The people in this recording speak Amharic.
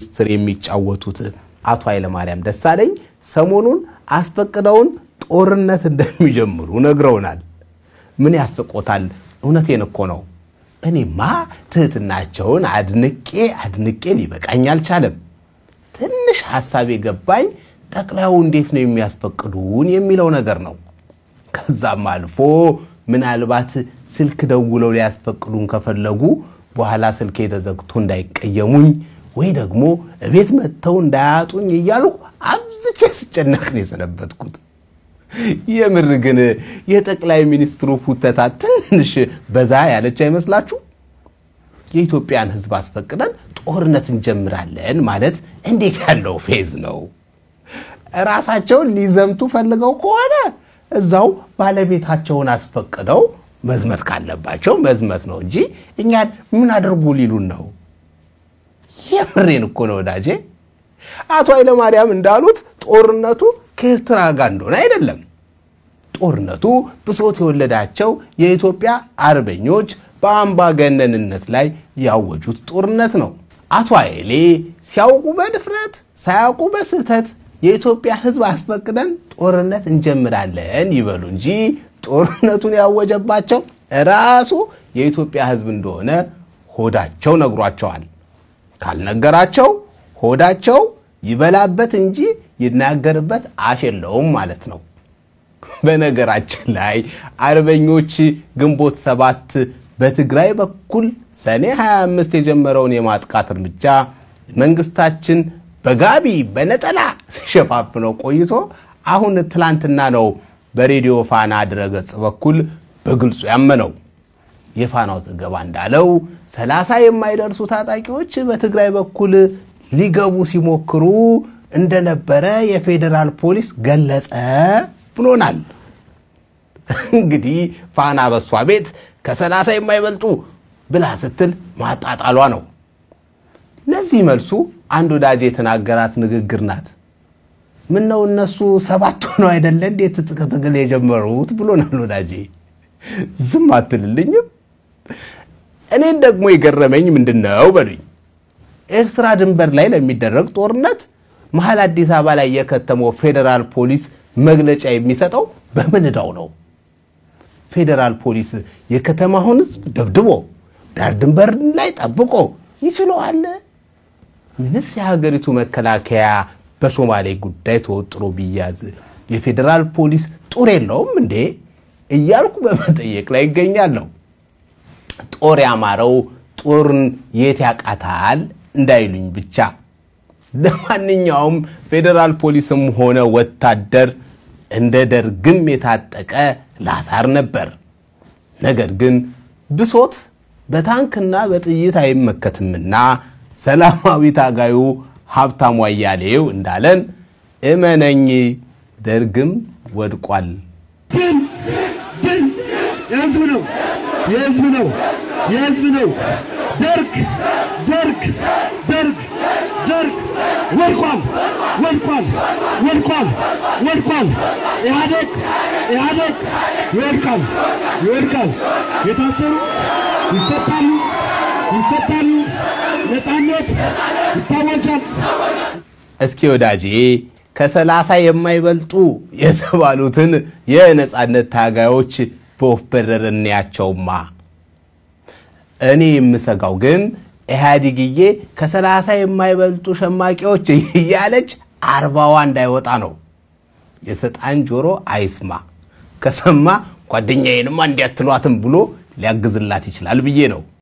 ሚኒስትር የሚጫወቱት አቶ ኃይለማርያም ደሳለኝ ሰሞኑን አስፈቅደውን ጦርነት እንደሚጀምሩ ነግረውናል። ምን ያስቆታል? እውነቴን እኮ ነው። እኔማ ትህትናቸውን አድንቄ አድንቄ ሊበቃኝ አልቻለም። ትንሽ ሐሳብ የገባኝ ጠቅላዩ እንዴት ነው የሚያስፈቅዱን የሚለው ነገር ነው። ከዛም አልፎ ምናልባት ስልክ ደውለው ሊያስፈቅዱን ከፈለጉ በኋላ ስልኬ ተዘግቶ እንዳይቀየሙኝ ወይ ደግሞ እቤት መጥተው እንዳያጡኝ እያሉ አብዝቼ ስጨነቅ ነው የሰነበትኩት። የምር ግን የጠቅላይ ሚኒስትሩ ፉተታ ትንሽ በዛ ያለች አይመስላችሁ? የኢትዮጵያን ሕዝብ አስፈቅደን ጦርነት እንጀምራለን ማለት እንዴት ያለው ፌዝ ነው? ራሳቸውን ሊዘምቱ ፈልገው ከሆነ እዛው ባለቤታቸውን አስፈቅደው መዝመት ካለባቸው መዝመት ነው እንጂ እኛን ምን አድርጉ ሊሉን ነው? የምሬን እኮ ነው ወዳጄ። አቶ ኃይለማርያም እንዳሉት ጦርነቱ ከኤርትራ ጋር እንደሆነ አይደለም። ጦርነቱ ብሶት የወለዳቸው የኢትዮጵያ አርበኞች በአምባገነንነት ላይ ያወጁት ጦርነት ነው። አቶ ኃይሌ ሲያውቁ በድፍረት ሳያውቁ በስህተት የኢትዮጵያ ሕዝብ አስፈቅደን ጦርነት እንጀምራለን ይበሉ እንጂ ጦርነቱን ያወጀባቸው ራሱ የኢትዮጵያ ሕዝብ እንደሆነ ሆዳቸው ነግሯቸዋል። ካልነገራቸው ሆዳቸው ይበላበት እንጂ ይናገርበት አፍ የለውም ማለት ነው። በነገራችን ላይ አርበኞች ግንቦት ሰባት በትግራይ በኩል ሰኔ 25 የጀመረውን የማጥቃት እርምጃ መንግስታችን በጋቢ በነጠላ ሲሸፋፍነው ቆይቶ አሁን ትላንትና ነው በሬዲዮ ፋና ድረገጽ በኩል በግልጹ ያመነው። የፋናው ዘገባ እንዳለው ሰላሳ የማይደርሱ ታጣቂዎች በትግራይ በኩል ሊገቡ ሲሞክሩ እንደነበረ የፌዴራል ፖሊስ ገለጸ ብሎናል። እንግዲህ ፋና በሷ ቤት ከሰላሳ የማይበልጡ ብላ ስትል ማጣጣሏ ነው። ለዚህ መልሱ አንድ ወዳጅ የተናገራት ንግግር ናት። ምን ነው እነሱ ሰባት ሆነው አይደለ እንዴት ትጥቅ ትግል የጀመሩት ብሎናል። ወዳጄ ዝም አትልልኝም? እኔን ደግሞ የገረመኝ ምንድን ነው በሉኝ፣ ኤርትራ ድንበር ላይ ለሚደረግ ጦርነት መሀል አዲስ አበባ ላይ የከተመው ፌዴራል ፖሊስ መግለጫ የሚሰጠው በምን ነው? ፌዴራል ፖሊስ የከተማውን ሕዝብ ደብድቦ ዳር ድንበር ላይ ጠብቆ ይችለዋል? ምንስ የሀገሪቱ መከላከያ በሶማሌ ጉዳይ ተወጥሮ ቢያዝ የፌዴራል ፖሊስ ጡር የለውም እንዴ? እያልኩ በመጠየቅ ላይ ይገኛለሁ። ጦር ያማረው ጦርን የት ያቃታል እንዳይሉኝ ብቻ። ለማንኛውም ፌዴራል ፖሊስም ሆነ ወታደር እንደ ደርግም የታጠቀ ላሳር ነበር። ነገር ግን ብሶት በታንክና በጥይት አይመከትምና ሰላማዊ ታጋዩ ሀብታሙ አያሌው እንዳለን እመነኝ ደርግም ወድቋል። ድል ድል የህዝብ ነው። የህዝብ ነው፣ የህዝብ ነው። ደርግ ደርግ ደርግ ደርግ ወድቋል፣ ወድቋል፣ ወድቋል፣ ወድቋል። ኢህአዴግ ኢህአዴግ ይወድቃል፣ ይወድቃል። የታሰሩ ይፈታሉ፣ ይፈታሉ። ነፃነት ይታወጃል። እስኪ ወዳጄ ከሰላሳ የማይበልጡ የተባሉትን የነፃነት ታጋዮች በወፍ በረር እንያቸውማ። እኔ የምሰጋው ግን ኢህአዲግዬ ከሰላሳ የማይበልጡ ሸማቂዎች እያለች አርባዋ እንዳይወጣ ነው። የሰጣን ጆሮ አይስማ፣ ከሰማ ጓደኛዬንማ እንዲያትሏትም ብሎ ሊያግዝላት ይችላል ብዬ ነው።